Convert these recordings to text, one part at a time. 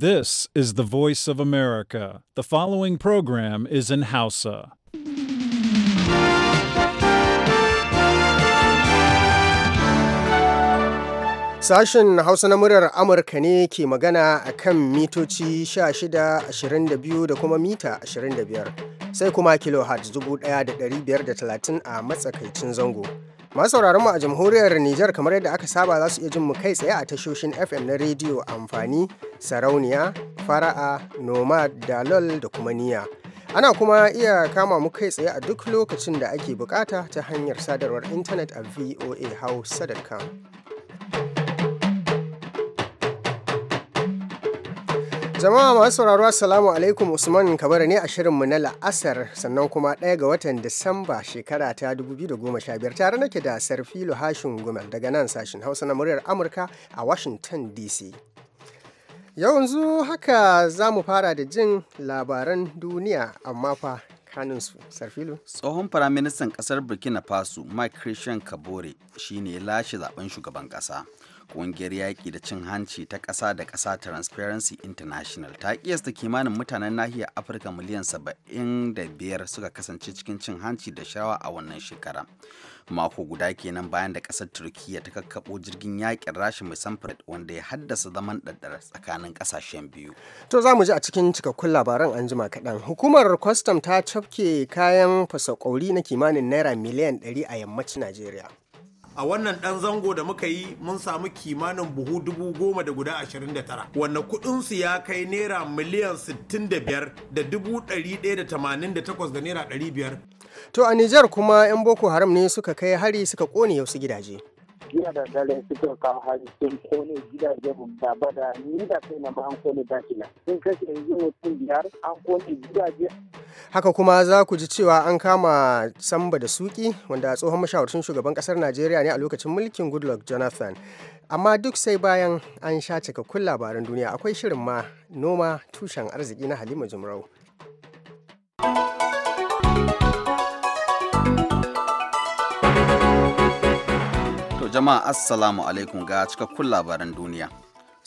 This is the voice of America. The following program is in Hausa. Sashen Hausa na murar Amurka ne ke magana a kan mitoci 16, 22 da kuma mita 25, sai kuma kilohertz 1530 a matsakaicin zango. Masu mu a jamhuriyar Nijar kamar yadda aka saba za su iya jin mu kai tsaye a tashoshin FM na rediyo amfani, sarauniya, fara'a, nomad, dalol da kuma niya. Ana kuma iya kama mu kai tsaye a duk lokacin da ake bukata ta hanyar sadarwar intanet a voahausa.com. Jama'a masu sauraro Assalamu alaikum Usman Kabara ne a mu na la'asar sannan kuma ɗaya ga watan Disamba shekara ta 2015 tare nake da Sarfilo Hashin Gumel daga nan sashen Hausa na muryar Amurka a Washington DC. Yanzu haka za mu fara da jin labaran duniya amma fa kaninsu Sarfilo. tsohon firaministan kasar burkina faso mike christian kabore shine lashe zaben shugaban kasa ƙungiyar yaƙi da cin hanci ta ƙasa da ƙasa transparency international ta ƙiyasta kimanin mutanen nahiyar afirka miliyan 75 suka kasance cikin cin hanci da shawa a wannan shekara mako guda kenan bayan da ƙasar turkiya ta kakkaɓo jirgin yaƙin rashin mai samfurt wanda ya haddasa zaman ɗaɗɗar tsakanin ƙasashen biyu to za mu ji a cikin cikakkun labaran an jima kaɗan hukumar kwastam ta cafke kayan fasa na kimanin naira miliyan 100 a yammacin najeriya a wannan dan zango da muka yi mun samu kimanin buhu dubu goma da guda ashirin da tara wanda kuɗinsu ya kai naira miliyan sittin da biyar da dubu ɗari ɗaya da tamanin da takwas da naira ɗari biyar. to a nijar kuma 'yan boko haram ne suka kai hari suka yau wasu gidaje. jiya da dare suka kawo hari sun kone gidajen mu da ni da kai na ba an kone dakina sun kashe yanzu mutum biyar an kone gidaje haka kuma za ku ji cewa an kama samba da suki wanda tsohon mashawarcin shugaban kasar najeriya ne a lokacin mulkin goodluck jonathan amma duk sai bayan an sha cikakkun labaran duniya akwai shirin ma noma tushen arziki na halima jumrau jama'a assalamu alaikum ga cikakkun labaran duniya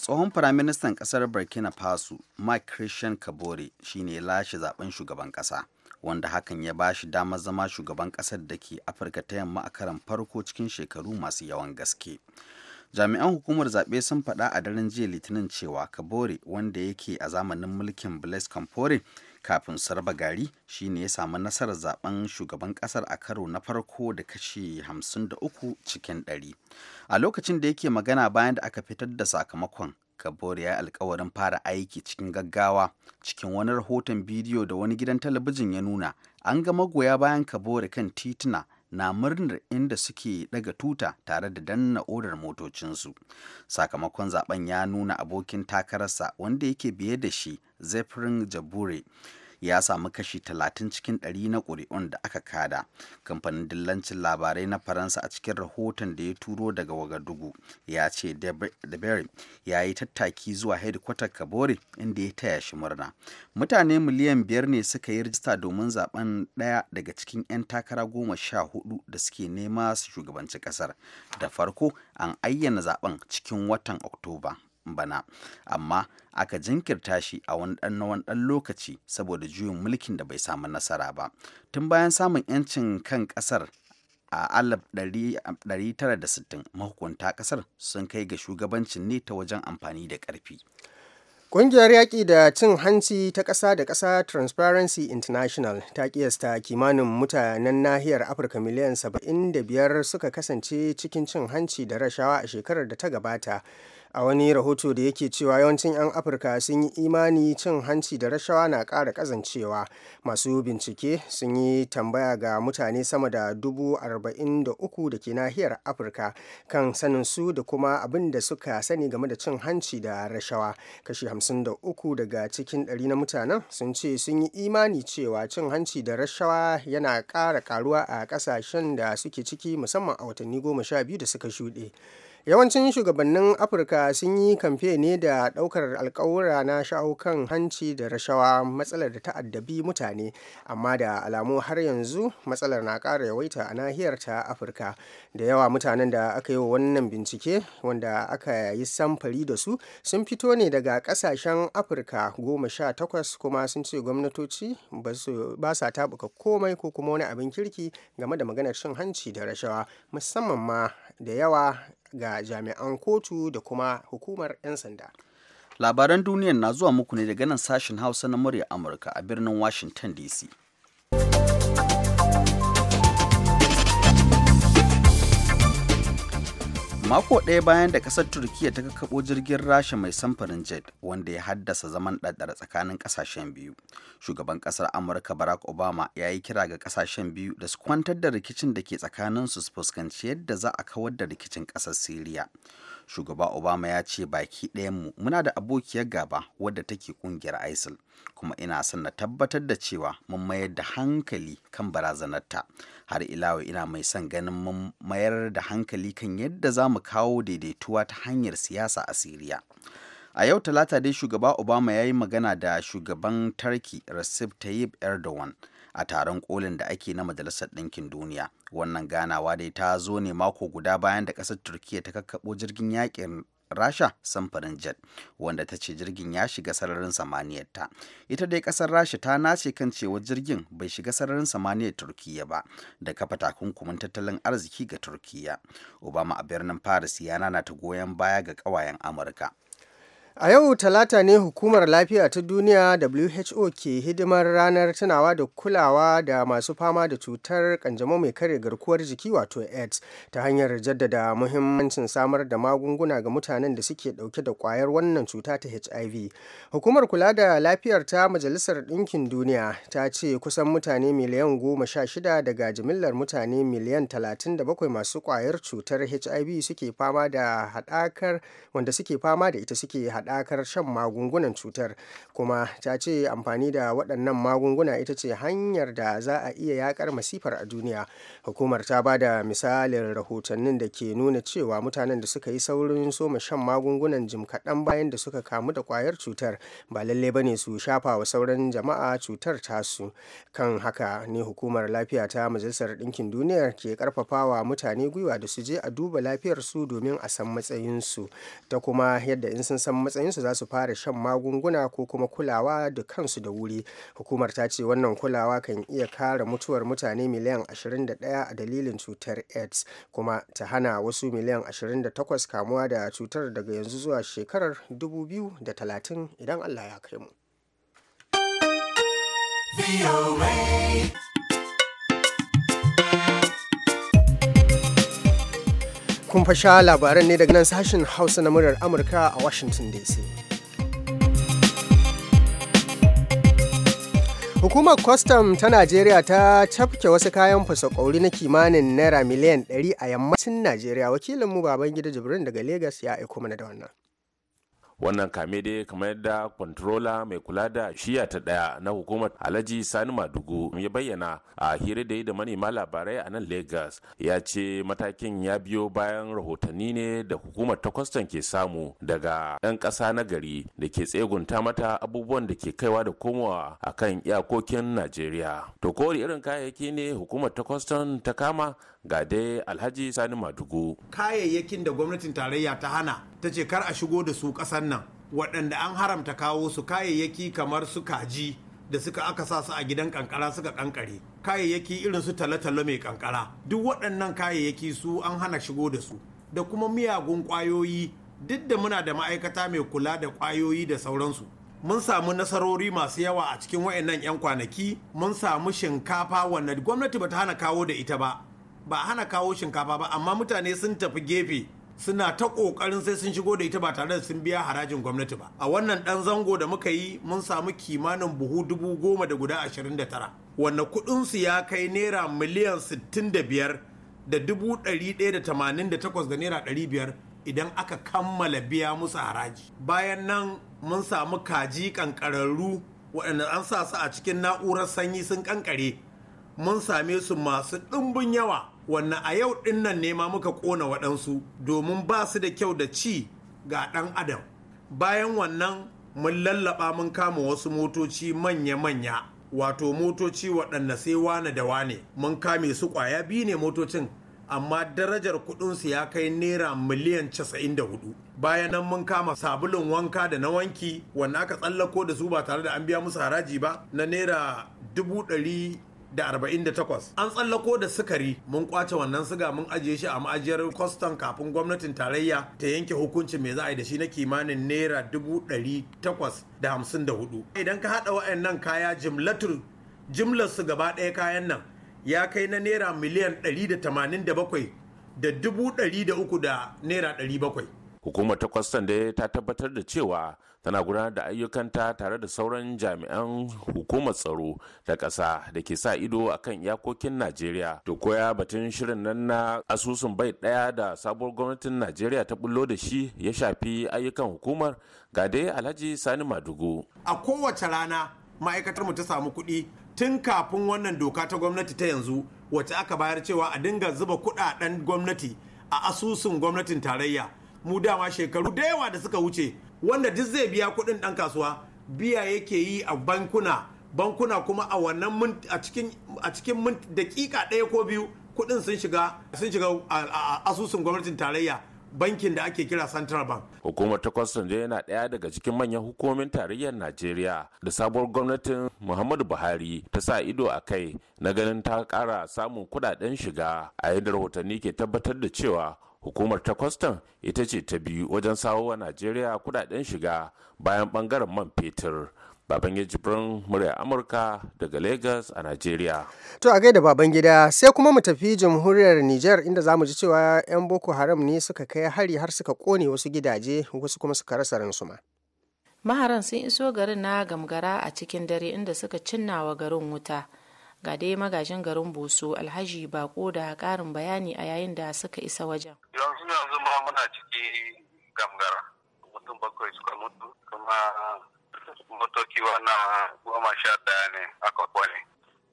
tsohon firaministan ƙasar burkina faso mike christian kabore shine ya lashe zaben shugaban ƙasa wanda hakan ya ba shi damar zama shugaban ƙasar da ke afirka ta yamma a karan farko cikin shekaru masu yawan gaske jami'an hukumar zaɓe sun faɗa a daren jiya litinin cewa kabore wanda yake a zamanin mulkin blaise compaore kafin sarba gari shi ne ya samu nasarar zaben shugaban kasar a karo na farko da kashi 53 cikin 100 a lokacin da yake magana bayan da aka fitar da sakamakon kabori ya yi alkawarin fara aiki cikin gaggawa cikin wani rahoton bidiyo da wani gidan talabijin ya nuna an ga magoya bayan kabori kan tituna na murnar inda suke daga tuta tare da danna odar motocinsu sakamakon zaben ya nuna abokin takararsa wanda yake biye da shi zephyrin jabure ya samu kashi 30 cikin 100 na ƙuri'un da aka kada kamfanin dillancin labarai na faransa a cikin rahoton da ya turo daga wagadugu ya ce dabere ya yi tattaki zuwa hedikwatar kabore inda ya taya shi murna mutane miliyan biyar ne suka yi rijista domin zaben ɗaya daga cikin 'yan takara goma sha hudu da suke nema su shugabanci ƙasar da farko an ayyana zaben cikin watan oktoba bana amma aka jinkirta shi a wani ɗan na wani ɗan lokaci saboda juyin mulkin da bai samu nasara ba tun bayan samun 'yancin kan ƙasar a 1960 mahukunta ƙasar sun kai ga shugabancin ne ta wajen amfani da ƙarfi Ƙungiyar yaƙi da cin hanci ta ƙasa da ƙasa Transparency International ta ƙiyasta kimanin mutanen nahiyar Afirka miliyan 75 suka kasance cikin cin hanci da rashawa a shekarar da ta gabata. a wani rahoto da yake cewa yawancin 'yan afirka sun yi imani cin hanci da rashawa na ƙara kazancewa. masu bincike sun yi tambaya ga mutane sama da dubu arba'in da uku da ke nahiyar afirka kan sanin su da kuma abin da suka sani game da cin hanci da rashawa kashi hamsin da uku daga cikin ɗari na mutanen sun ce sun yi imani cewa cin hanci da rashawa yana ƙara karuwa a ƙasashen da suke ciki musamman a watanni goma sha biyu da suka shuɗe yawancin shugabannin afirka sun yi kamfe ne da daukar alkawura na shawo kan hanci da rashawa matsalar da ta'addabi mutane amma da alamu har yanzu matsalar na ƙara yawaita a nahiyar ta afirka da yawa mutanen da aka yi wa wannan bincike wanda aka yi samfari da su sun fito ne daga ƙasashen afirka goma sha takwas kuma sun ce gwamnatoci ba sa taɓuka komai ko kuma wani abin kirki game da maganar cin hanci da rashawa musamman ma da yawa ga jami'an kotu da kuma hukumar 'yan sanda. Labaran duniyar na zuwa muku ne daga nan sashen Hausa na murya Amurka a birnin Washington DC. mako ɗaya bayan da ƙasar turkiya ta kakkaɓo jirgin rasha mai samfurin jet wanda ya haddasa zaman ɗaɗɗar tsakanin ƙasashen biyu shugaban ƙasar amurka barack obama ya yi kira ga ƙasashen biyu da su kwantar da rikicin da ke tsakanin su fuskanci yadda za a kawar da rikicin ƙasar siriya shugaba obama ya ce baki mu muna da abokiyar gaba wadda take kungiyar isil kuma ina son na tabbatar da cewa mun mayar da hankali kan barazanarta har ilawa ina mai son ganin mun mayar da hankali kan yadda za mu kawo daidaituwa ta hanyar siyasa a siriya a yau talata dai shugaba obama ya yi magana da shugaban tarki recep tayyip erdogan a taron kolin da ake na majalisar ɗinkin duniya wannan ganawa dai ta zo ne mako guda bayan da ƙasar turkiya ta kakkaɓo jirgin yaƙin rasha samfurin jet wanda ta ce jirgin ya shiga sararin samaniyarta ita dai ƙasar rasha ta nace kan cewa jirgin bai shiga sararin samaniyar turkiya ba da kafa takunkumin tattalin arziki ga turkiya obama a birnin paris ya ta goyon baya ga ƙawayen amurka A yau talata ne hukumar lafiya ta duniya WHO ke hidimar ranar tunawa da kulawa da masu fama da cutar kanjamau mai kare garkuwar jiki wato AIDS ta hanyar jaddada muhimmancin samar da magunguna ga mutanen da suke dauke da kwayar wannan cuta ta HIV. Hukumar kula da lafiyar ta Majalisar Dinkin Duniya ta ce kusan mutane miliyan goma sha shida daga jimillar mutane miliyan talatin da bakwai masu kwayar cutar HIV suke fama da haɗakar wanda suke fama da ita suke haɗakar shan magungunan cutar kuma ta ce amfani da waɗannan magunguna ita ce hanyar da za a iya yakar masifar a duniya hukumar ta ba da misalin rahotannin da ke nuna cewa mutanen da suka yi saurin soma shan magungunan jim kaɗan bayan da suka kamu da ƙwayar cutar ba lalle ba ne su shafa wa sauran jama'a cutar tasu kan haka ne hukumar lafiya ta majalisar ɗinkin Duniya ke ƙarfafawa mutane gwiwa da su je a duba lafiyarsu domin a san matsayinsu ta kuma yadda in sun san matsayinsu za su fara shan magunguna ko kuma kulawa da kansu da wuri hukumar ta ce wannan kulawa kan iya kare mutuwar mutane miliyan 21 a dalilin cutar aids kuma ta hana wasu miliyan 28 kamuwa da cutar daga yanzu zuwa shekarar 2030 idan allah ya kai mu. kun fasha labaran ne daga nan sashen hausa na muryar amurka a washington dc Hukumar kwastam ta Najeriya ta cafke wasu kayan fasakori na kimanin naira miliyan 100 a yammacin Najeriya wakilinmu baban gida Jibrin daga Legas ya aiko mana da wannan. wannan kame dai kamar yadda Kontrola mai kula da shiya ta daya na hukumar alhaji sani madugu ya bayyana a hira da yi da manema labarai a nan lagos ya ce matakin ya biyo bayan rahotanni ne da hukumar ta kwastan ke samu daga 'yan ƙasa na gari da ke tsegunta mata abubuwan da ke kaiwa da komowa a kan iyakokin najeriya to kowane irin kayayyaki ne hukumar ta kwastan ta kama ga dai alhaji sani madugu kayayyakin da gwamnatin tarayya ta hana ta ce kar a shigo da su ƙasan nan waɗanda an haramta kawo su kayayyaki kamar su kaji da suka aka sa su a gidan kankara suka kankare kayayyaki irin su tale-tale mai kankara duk waɗannan kayayyaki su an hana shigo da su da kuma miyagun ƙwayoyi duk da muna da ma'aikata mai kula da ƙwayoyi da sauransu mun samu nasarori masu yawa a cikin wayannan 'yan kwanaki mun samu shinkafa wanda gwamnati bata hana kawo da ita ba ba hana kawo shinkafa ba amma mutane sun tafi gefe suna ta kokarin sai sun shigo da ita ba tare da sun biya harajin gwamnati ba a wannan dan zango da muka yi mun samu kimanin buhu dubu goma da guda ashirin da tara wanda kudinsu ya kai naira miliyan sittin da biyar da dubu ɗari ɗaya da tamanin da takwas da naira ɗari biyar idan aka kammala biya musu haraji bayan nan mun samu kaji kankararru waɗanda an sa su a cikin na'urar sanyi sun kankare mun same su masu ɗumbin yawa wannan a yau ɗin nan ne ma muka ƙona waɗansu domin ba su da kyau da ci ga ɗan adam bayan wannan mun lallaɓa mun kama wasu motoci manya-manya wato motoci waɗanda sai wane da wane mun kame su ƙwaya biyu ne motocin amma darajar kuɗinsu ya kai naira miliyan 94 bayan nan mun kama sabulun wanka da na wanki wanda aka tsallako da su ba tare da an biya musu haraji ba na naira da arba'in 48 an tsallako da sukari mun kwace wannan siga mun ajiye shi a ma'ajiyar kwastan kafin gwamnatin tarayya ta yanke hukuncin mai za a yi da shi na kimanin naira 854 idan ka haɗa wa'annan kaya jimlatur jimlar su gaba ɗaya kayan nan ya kai na naira miliyan 187 da dubu ɗari da uku da naira ɗari bakwai hukumar ta kwastan da ta tabbatar da cewa tana gudanar da ayyukanta tare da sauran jami'an hukumar tsaro da ƙasa da ke sa ido a kan iyakokin najeriya to koya batun shirin nan na asusun bai ɗaya da sabuwar gwamnatin najeriya ta bullo da shi ya shafi ayyukan hukumar ga dai alhaji sani madugu a kowace rana ma'aikatar mu ta samu kuɗi tun kafin wannan doka ta gwamnati ta yanzu wacce aka bayar cewa a dinga zuba kuɗaɗen gwamnati a asusun gwamnatin tarayya mu dama shekaru da yawa da suka wuce wanda duk zai biya kuɗin ɗan kasuwa biya yake yi a bankuna bankuna kuma a wannan a cikin mint dakika ɗaya ko biyu kuɗin sun shiga sun shiga asusun gwamnatin tarayya bankin da ake kira central bank hukumar ta kwastan yana ɗaya daga cikin manyan hukumomin tarayyar najeriya da sabuwar gwamnatin muhammadu buhari ta sa ido a kai na ganin ta ƙara samun kuɗaɗen shiga a yadda rahotanni ke tabbatar da cewa hukumar ta kwastam ita ce ta biyu wajen sawowa najeriya kudaden shiga bayan bangaren man fetur baban Jibrin murya Amurka daga Lagos a Najeriya. To a gaida baban gida sai kuma mu tafi jamhuriyar niger inda za mu ji cewa 'yan Boko Haram ne suka kai hari har suka kone wasu gidaje wasu kuma suka rasa ransu ma. Maharan sun iso garin na gamgara a cikin dare inda suka cinna wa garin wuta. ga dai magajin garin boso alhaji bako da karin bayani a yayin da suka isa wajen yanzu yanzu ma muna ciki gamgara mutum bakwai suka mutu kuma motoki wannan goma sha daya ne aka kone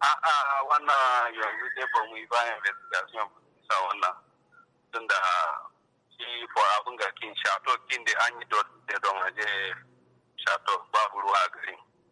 a'a wannan yanzu dai ba mu yi bayan investigation sa wannan tun da shi for abin ga kin shato kin da an yi da don aje shato babu ruwa a garin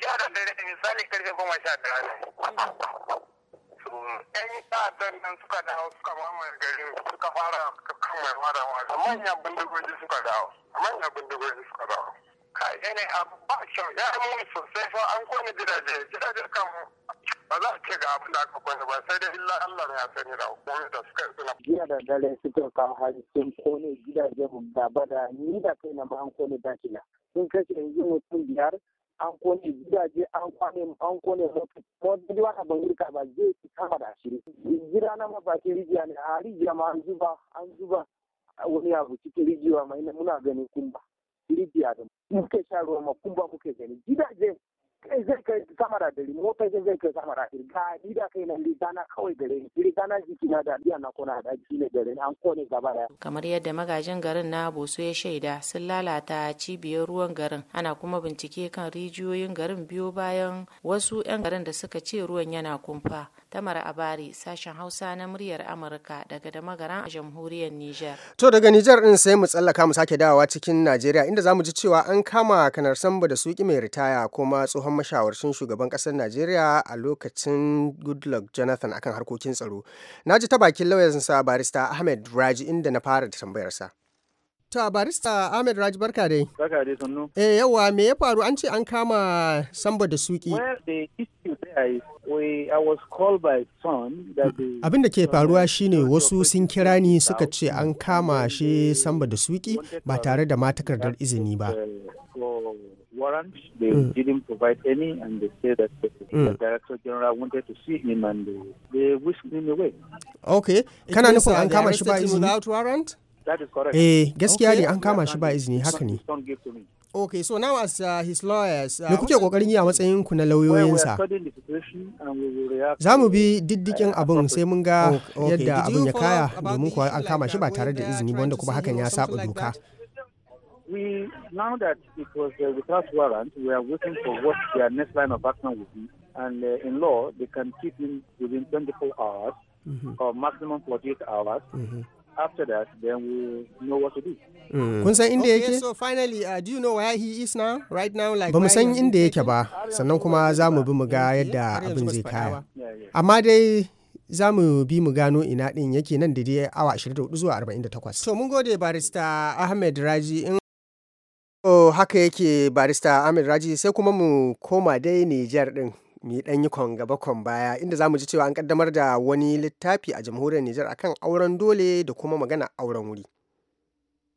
sha da dare misali karfe goma sha da ne. yan ta'addan nan suka dawo suka mamaye garin suka fara mai mara wasa manyan bindigogi suka dawo manyan bindigogi suka dawo yanayi abu ba kyau ya yi sosai fa an kone gidaje gidaje kan ba za a ce ga abin da aka kone ba sai dai illa Allah ya sani da hukumomi da suka yi suna. Jiya da dare suka kawo hari sun kone gidaje da bada ni da kai na ba an kone dakila sun kashe yanzu mutum biyar an kone gidaje an kwane an kone mota kuma duk wata ba zai fi kama da ashiri gida na mafakin rijiya ne a rijiya ma an zuba an zuba wani abu cikin rijiya mai muna ganin kumba rijiya da muke sha ruwa ma kumba muke gani gidaje kai zai kai sama da dari mota zai zai kai sama da dari ga ni da kai nan rigana kawai gare ni na jiki na da biya na kona da jiki ne gare ni an kone gaba da kamar yadda magajin garin na boso ya shaida sun lalata cibiyar ruwan garin ana kuma bincike kan rijiyoyin garin biyu bayan wasu 'yan garin da suka ce ruwan yana kumfa Tamar Abari sashen Hausa na muryar Amurka daga da magaran a jamhuriyar niger. To daga Nijar din sai mu tsallaka mu sake dawowa cikin Najeriya inda zamu ji cewa an kama kanar samba da suki mai ritaya kuma tsohon mashawarcin shugaban kasar Najeriya a lokacin Goodluck Jonathan akan harkokin tsaro. Na ji ta bakin lauyansa barista Ahmed Raji inda na fara tambayarsa. Ta barista Ahmed Raj barka dai. Barka dai sannu. Eh yawa me ya faru an ce an kama Samba da Suki. Mm. Abin da ke faruwa shine wasu sun kira ni suka ce an kama shi Samba da Suki ba tare da ma takardar izini ba. Uh, warrant. They mm. didn't provide any, and they said that the, mm. the director general wanted to see him, and they, they whisked him away. Okay, kana nufin uh, an kama shi ba izini? Without warrant? E Eh, gaskiya ne an kama shi ba izini haka ne. Ok, so now as uh, his lawyers, uh, me kuke kokarin yi a matsayin ku na lauyoyinsa? Za mu bi diddikin abin sai mun ga yadda abin ya kaya domin kuwa an kama shi ba tare da izini ba wanda kuma hakan ya saba doka. We now that it was uh, without warrant, we are for what their next line And uh, in law, they can keep him within 24 hours mm -hmm. or maximum 48 hours. Mm -hmm. after that, then we know what to do. Mm. Kun san inda yake? so finally, uh, do you know where he is now? Right now, like Bamu san inda yake ba, sannan kuma za mu bi mu ga yadda abin zai kaya. Amma dai za mu bi mu gano ina din yake nan da dai awa 24 zuwa 48. To mun gode barista Ahmed Raji in oh, haka yake barista Ahmed Raji sai kuma mu koma dai Nijar ɗin. mu dan yi kon gaba kon baya inda zamu ji cewa an kaddamar da wani littafi a jamhuriyar Nijar akan auren dole da kuma magana auren wuri.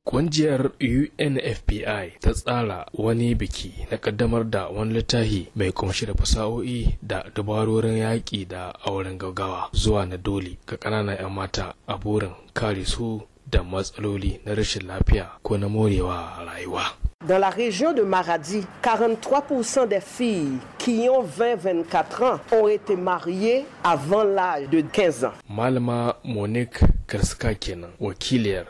Ƙungiyar UNFPI ta tsara wani biki na ƙaddamar da wani littafi mai kumshi da fasahohi da dabarorin yaƙi da auren gaggawa zuwa na dole ga ƙananan 'yan mata a burin kare su da matsaloli na rashin lafiya ko na morewa rayuwa. Dans la région de Maradi, 43% des filles qui ont 20-24 ans ont été mariés avant l'âge de 15 ans. Malama Monique Karska kenan wakiliyar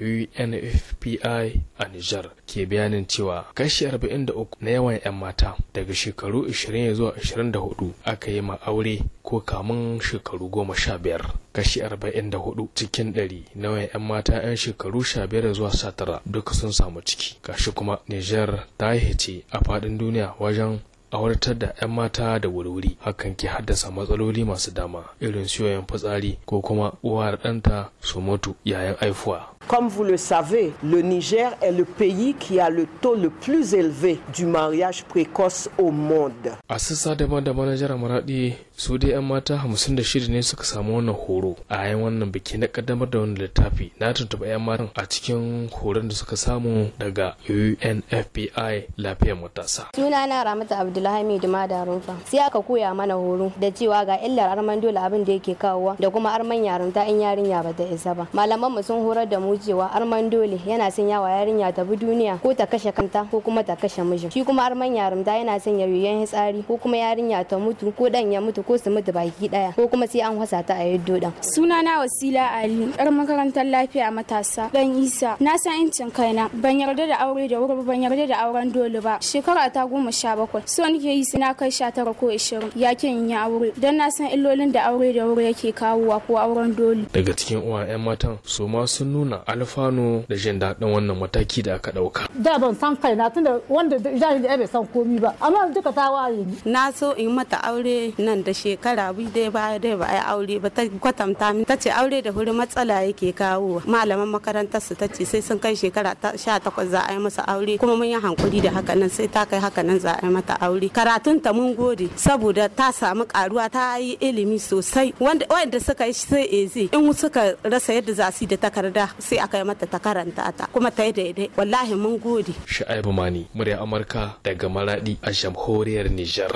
UNFPI a Nijar ke bayanin cewa kashi 43 na yawan 'yan mata daga shekaru 20 zuwa 24 aka yi ma aure ko kamun shekaru 15 kashi 44 cikin 100 na yawan 'yan mata 'yan shekaru 15 zuwa 19 duka sun samu ciki kashi kuma Niger ta hice a faɗin duniya wajen auratar da 'yan mata da wuri-wuri hakan ke haddasa matsaloli masu dama irin siyoyin fitsari ko kuma uwa da ɗanta su mutu yayin aifuwa Comme vous le savez, le Niger est le pays qui a le taux le plus élevé du mariage précoce au monde. A sassa daban da manajar maraɗi su dai 'yan mata 56 ne suka samu wannan horo a yayin wannan biki na kaddamar da wannan littafi na tuntuɓa 'yan matan a cikin horon da suka samu daga UNFPI lafiyar matasa. Sunana Ramata Abdul da da rumfa sai aka koya mana horo da cewa ga illar arman dole abin da yake kawo da kuma arman yarunta in yarinya ba ta isa ba malaman mu sun horar da mu cewa arman dole yana son yawa yarinya ta bi duniya ko ta kashe kanta ko kuma ta kashe mijin shi kuma arman yarunta yana son yoyon hitsari ko kuma yarinya ta mutu ko dan ya mutu ko su mutu baki daya ko kuma sai an hwasa ta a yaddo dan sunana wasila ali yar makarantar lafiya matasa dan isa na san incin kaina ban yarda da aure da wuri ban yarda da auren dole ba shekara ta goma sha bakwai so wani ke yi sai na kai sha tara ko ishirin ya ke yin yi aure don na san illolin da aure da wuri yake kawo wa ko auren dole. Daga cikin uwa 'yan matan su ma sun nuna alfano da jin daɗin wannan mataki da aka ɗauka. Da ban san kai na tunda wanda da ya jahili bai san komi ba amma duka ta waye ni. Na so in mata aure nan da shekara bi dai baya dai ba a yi aure ba ta kwatanta min ta ce aure da wuri matsala yake kawowa malaman makarantar su ta ce sai sun kai shekara sha takwas za a yi masa aure kuma mun yi hankuri da haka nan sai ta kai haka nan za a yi mata aure. aure karatun ta mun gode saboda ta samu karuwa ta yi ilimi sosai wanda suka yi sai eze in suka rasa yadda za su yi da takarda sai aka yi mata ta ta kuma ta yi daidai wallahi mun gode sha'ibu Mani murya Amurka daga Maradi a jamhuriyar Nijar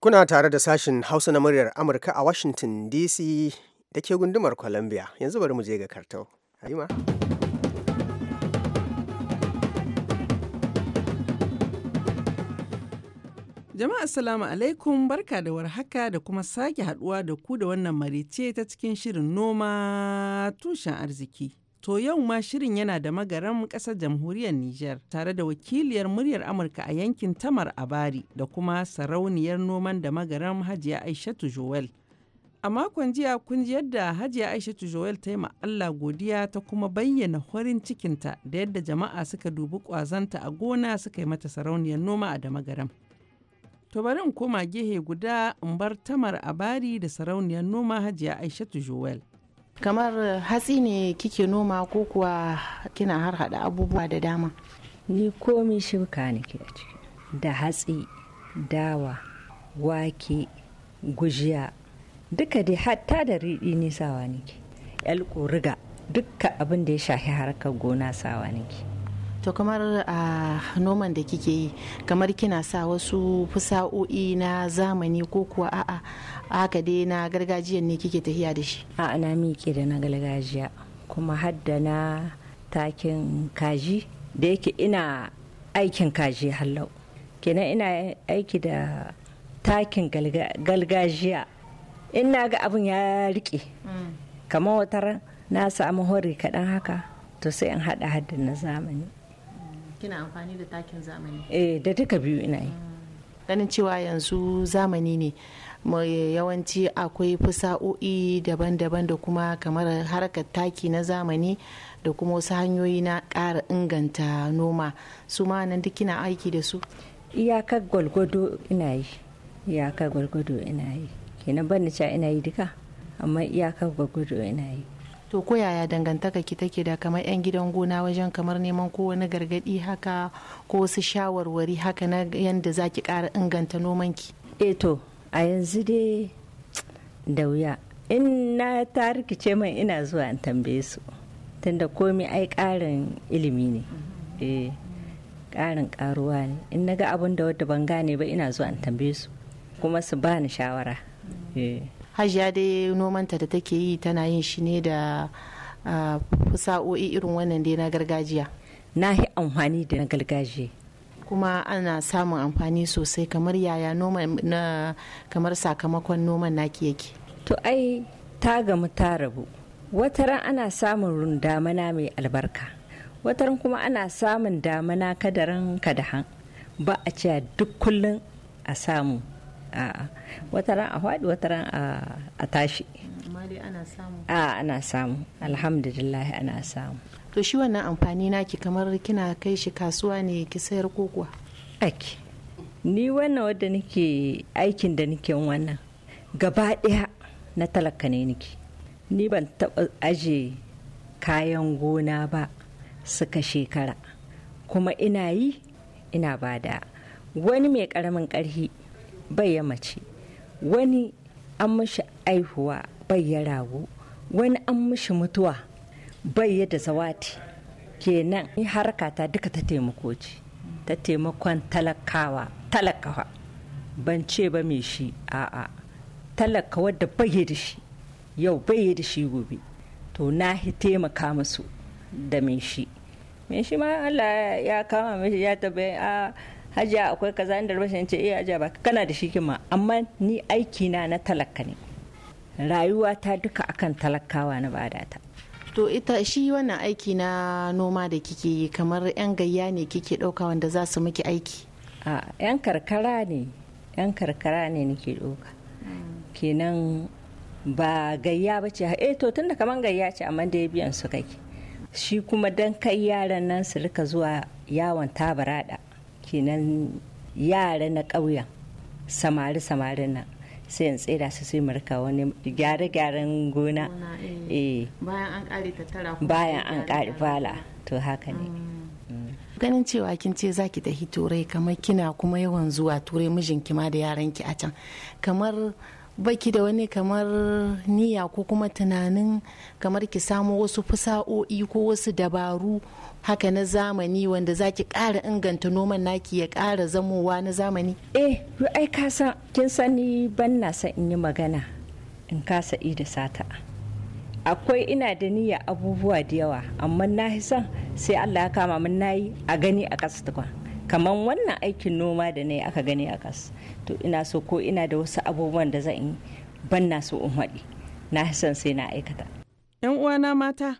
Kuna tare da sashin Hausa na muryar Amurka a Washington DC da ke gundumar Columbia yanzu bari mu je ga Kartau Jama'a assalamu alaikum barka da warhaka da kuma sake haduwa da ku da wannan marice ta cikin shirin noma tushen arziki. To yau ma shirin yana da magaran ƙasar jamhuriyar Nijar tare da wakiliyar muryar Amurka a yankin Tamar Abari da kuma sarauniyar noman da magaran Hajiya Aishatu Joel. A makon jiya kun ji yadda Hajiya Aishatu Joel ta yi ma Allah godiya ta kuma bayyana horin cikinta da yadda jama'a suka dubi kwazanta a gona suka yi mata sarauniyar noma a da magaram. To bari in koma gehe guda in bar tamar a bari da sarauniyar noma hajiya Aishatu Joel. Kamar hatsi ne kike noma ko kuwa kina har hada abubuwa da dama? Ni komi shuka ke a ciki. Da hatsi, dawa, wake, gujiya, duka dai hatta da riɗi ne sawa nake. Yalƙo riga, dukka abin da ya shafi harkar gona sawa nake. to kamar a noman da kike yi kamar kina sa wasu fusa'o'i na zamani ko kuwa a'a haka dai na gargajiyan ne kike tafiya da shi a'a na miƙe da na gargajiya kuma hadda na takin kaji da yake ina aikin kaji hallau kenan ina aiki da takin gargajiya in na ga abin ya riƙe mm. kamar wata na samu hori kaɗan haka to sai in haɗa haddin na zamani kina amfani da takin zamani eh da duka biyu ina yi ganin cewa yanzu zamani ne mai yawanci akwai fasa'o'i daban-daban da kuma kamar harkar taki na zamani da kuma wasu hanyoyi na ƙara inganta noma su ma nan duk kina aiki da su iyakar gwalgwado ina yi iyakar gwalgwado ina yi kenan ban ina yi duka amma iyakar gwalgwado ina yi to ko yaya dangantaka ki take da kamar 'yan gidan gona wajen kamar neman ko wani gargadi haka ko wasu shawarwari haka na yadda za ki kara inganta nomanki e to a yanzu dai da wuya in na ta rikice man ina zuwa in tambaye su tunda komi ai ƙarin ilimi ne e ƙarin ƙaruwa ne in na ga abin da wadda ban gane ba ina zuwa in tambaye su kuma su bani shawara eh. hajiya dai nomanta da take yi tana yin shi ne da fusa'o'i irin wannan dai na gargajiya na yi amfani da na gargajiya kuma ana samun amfani sosai kamar yaya noma na kamar sakamakon noman naki yake to ai ta gamu ta rabu wataran ana samun damana mai albarka wataran kuma ana samun damana kadaran kadahan ba a cewa duk kullum a samu a wata ran a faɗi wata ran a tashi a ana samu alhamdulillah ana samu to shi wannan amfani naki kamar kina kai shi kasuwa ne ki sayar kokuwa ake ni wannan wadda nake aikin da nake wannan gaba ɗaya na talaka ne nake ni ban taɓa aje kayan gona ba suka shekara kuma ina yi ina bada wani mai ƙaramin ƙarhi bai ya mace wani an mashi aihuwa bai ya rago wani an mashi mutuwa bai ya da zawati kenan harka ta duka ta taimako ce ta taimakon talakawa talakawa ban ce ba mai shi a'a talaka wadda bai da shi yau bai da shi gobe to na taimaka musu da mai shi mai shi ma Allah ya kama shi ya tabbai a ah, hajiya akwai kaza inda albashin ce iya eh, hajiya ba kana da shi kima amma ni aiki na na talaka ne rayuwa ta duka akan talakawa na bada ta to ita shi wannan aiki na noma da kike yi kamar yan gayya ne kike dauka wanda za su miki aiki a yan karkara ne yan karkara ne nake dauka kenan ba gayya ba ce eh to tunda kaman gayya ce amma da biyan su kake shi kuma dan kai yaran nan su rika zuwa yawon tabarada kenan yara na ƙauyen samari samari na sai in tsira su sai marka wani gyare-gyaren gona eh. Eh. bayan an ƙari bala to haka ne mm. Mm. ganin cewa kin ce za ki tafi turai kamar kina kuma yawan zuwa turai mijinki ma da yaranki a can kamar baki da wani kamar niyya ko kuma tunanin kamar ki samo wasu fasa'o'i ko wasu dabaru haka na zamani wanda za ki ƙara inganta noman naki ya ƙara zamowa na zamani? eh ai kasa kin sani ban na sa in yi magana in kasa da sata akwai ina da niyya abubuwa da yawa amma na san sai allah ya kama min nayi a gani a ƙasa tukwa kamar wannan aikin noma da na aka gani a kas to ina so ko ina da wasu abubuwan da zan yi ban na so in haɗi na san sai na aikata yan uwana mata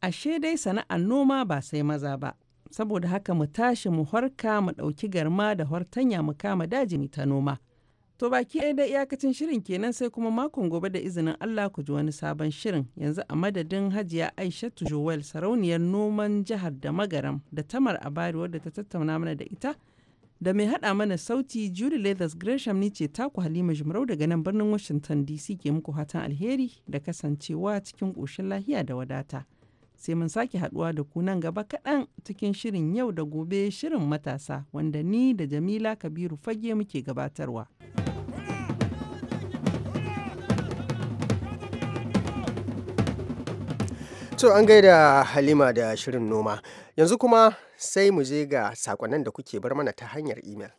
ashe dai sana'ar noma ba sai maza ba saboda haka mu tashi mu harka mu ɗauki garma da hortanya mu kama daji mu ta noma To baki ɗaya da iyakacin shirin kenan sai kuma makon gobe da izinin Allah ku ji wani sabon shirin yanzu a madadin Hajiya Aishatu Joel sarauniyar noman jihar da Magaram da Tamar Abari wadda ta tattauna mana da ita da mai haɗa mana sauti Julie Leathers Gresham ni ce taku Halima Jumrau daga nan birnin Washington DC ke muku hatan alheri da kasancewa cikin ƙoshin lahiya da wadata. sai mun sake haduwa da ku nan gaba kaɗan cikin shirin yau da gobe shirin matasa wanda ni da jamila kabiru fage muke gabatarwa. To an gaida Halima da Shirin Noma, yanzu kuma sai mu je ga sakonnin da kuke bar mana ta hanyar imel.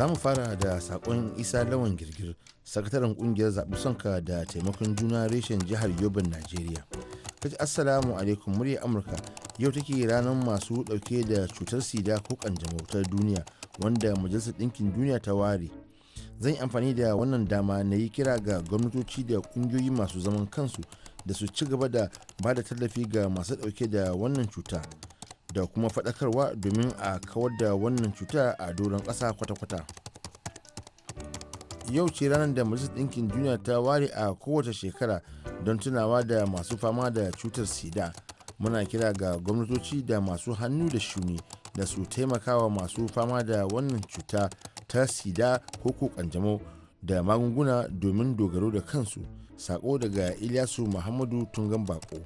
za mu fara da sakon isa lawan girgir sakataren kungiyar zaɓi sonka da taimakon juna reshen jihar yobin najeriya kaji assalamu alaikum murya amurka yau take ranar masu ɗauke da cutar sida ko kanjamau ta duniya wanda majalisar ɗinkin duniya ta ware zan yi amfani da wannan dama na yi kira ga gwamnatoci da kungiyoyi masu zaman kansu da su ci gaba da ba da tallafi ga masu ɗauke da wannan cuta da kuma fadakarwa domin a kawar da wannan cuta a doron ƙasa kwata-kwata yau ce ranar da majalisar ɗinkin duniya ta ware a kowace shekara don tunawa da masu fama da cutar sida muna kira ga gwamnatoci da masu hannu da shuni da su taimakawa masu fama da wannan cuta ta sida ko ko kanjamau da magunguna domin dogaro da kansu sako daga ilyasu muhammadu tungan bako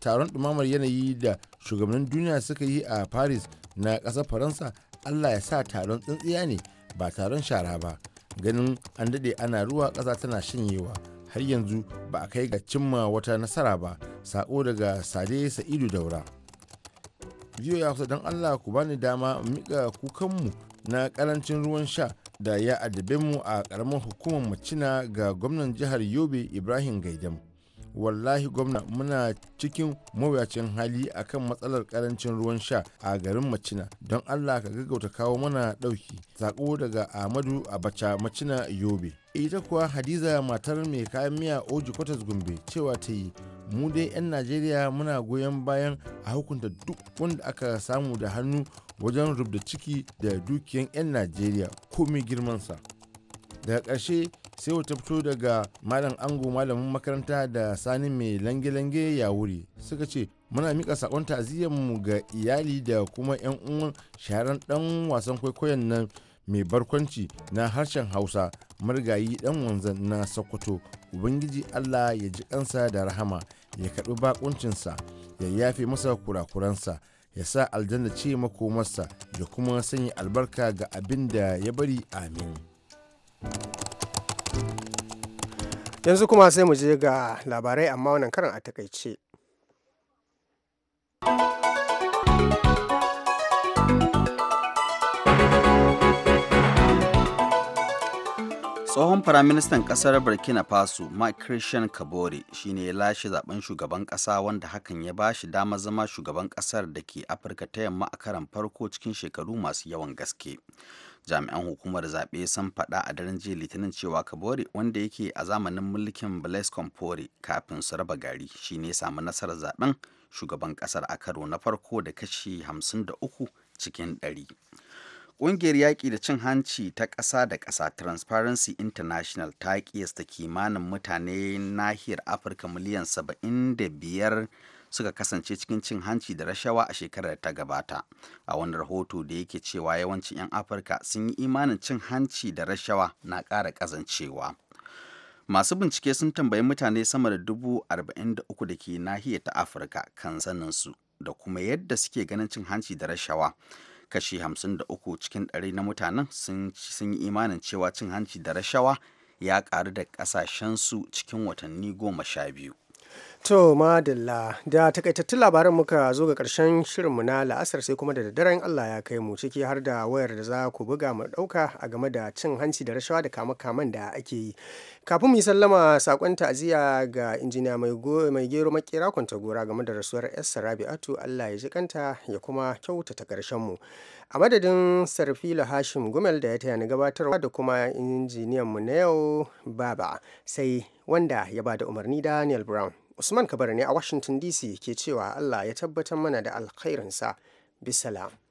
taron ɗumamar yanayi da shugabannin duniya suka yi a paris na ƙasar faransa allah ya sa taron tsintsiya ne ba taron shara ba ganin an daɗe ana ruwa ƙasa tana shanyewa har yanzu ba a kai ga cimma wata nasara ba sako daga sade sa'idu daura biyo ya kusa don allah ku bani dama mika kukanmu na karancin ruwan sha da ya addabe mu a ƙaramin hukumar macina ga gwamnan jihar yobe ibrahim gaidam wallahi gwamna muna cikin mawuyacin hali a kan matsalar karancin ruwan sha a garin macina don allah ka gaggauta kawo mana ɗauki sako daga amadu abacha macina yobe ita kuwa hadiza matar mai kayan miya oji kwatas gombe cewa ta yi mu dai 'yan najeriya muna goyon bayan a hukunta duk wanda aka samu da hannu wajen rubda ciki da dukiyan 'yan najeriya komai girmansa daga ƙarshe sai wata fito daga malam ango malamin makaranta da sani mai lange-lange ya wuri suka ce muna mika sakon mu ga iyali da kuma 'yan uwan shaharan dan wasan kwaikwayon nan mai barkwanci na harshen hausa marigayi dan wanzan na sokoto ubangiji allah ya ji kansa da rahama ya karbi bakuncinsa ya yafe masa kurakuransa ya sa aljanna ce makomarsa da kuma sanya albarka ga abin da ya bari amin yanzu kuma sai mu je ga labarai amma wannan karan a takaice tsohon firaministan kasar burkina faso mike christian kabore shine ya lashe zaben shugaban kasa wanda hakan ya ba shi damar zama shugaban kasar da ke afirka ta yamma a karan farko cikin shekaru masu yawan gaske jami'an hukumar zaɓe sun faɗa a daren jiya litinin cewa kabore wanda yake a zamanin mulkin blaise compaore kafin su raba gari shi ne samu nasarar zaben shugaban ƙasar a karo na farko da kashi 53 cikin 100 Ƙungiyar yaƙi da cin hanci ta ƙasa da ƙasa Transparency International ta ƙiyasta kimanin mutane nahiyar Afirka miliyan 75 suka kasance cikin cin hanci da rashawa a shekarar da ta gabata a wani rahoto da yake cewa yawancin 'yan afirka sun yi imanin cin hanci da rashawa na kara ƙazancewa masu bincike sun tambayi mutane sama da dubu arba'in da uku da ke nahiyar ta afirka kan saninsu da kuma yadda suke ganin cin hanci da rashawa kashi da uku cikin ɗari na mutanen sun yi imanin cewa cin hanci da rashawa ya ƙaru da su cikin watanni goma sha biyu To madalla da takaitattun labaran muka zo ga karshen shirin mu na la'asar sai kuma da daddaren Allah ya kai mu ciki har da wayar da za ku buga mu ɗauka a game da cin hanci da rashawa da kama-kaman da ake yi. Kafin mu sallama sakon ta'aziyya ga injiniya mai gero makera kwanta gora game da rasuwar Esther Rabi'atu Allah ya ji kanta ya kuma kyautata karshen mu. A madadin Sarfila Hashim Gumel da ya taya ni gabatarwa da kuma injiniyan mu na yau Baba sai wanda ya bada umarni Daniel Brown. Usman Kabar ne a Washington DC ke cewa Allah ya tabbatar mana da alkhairinsa. Bisalam.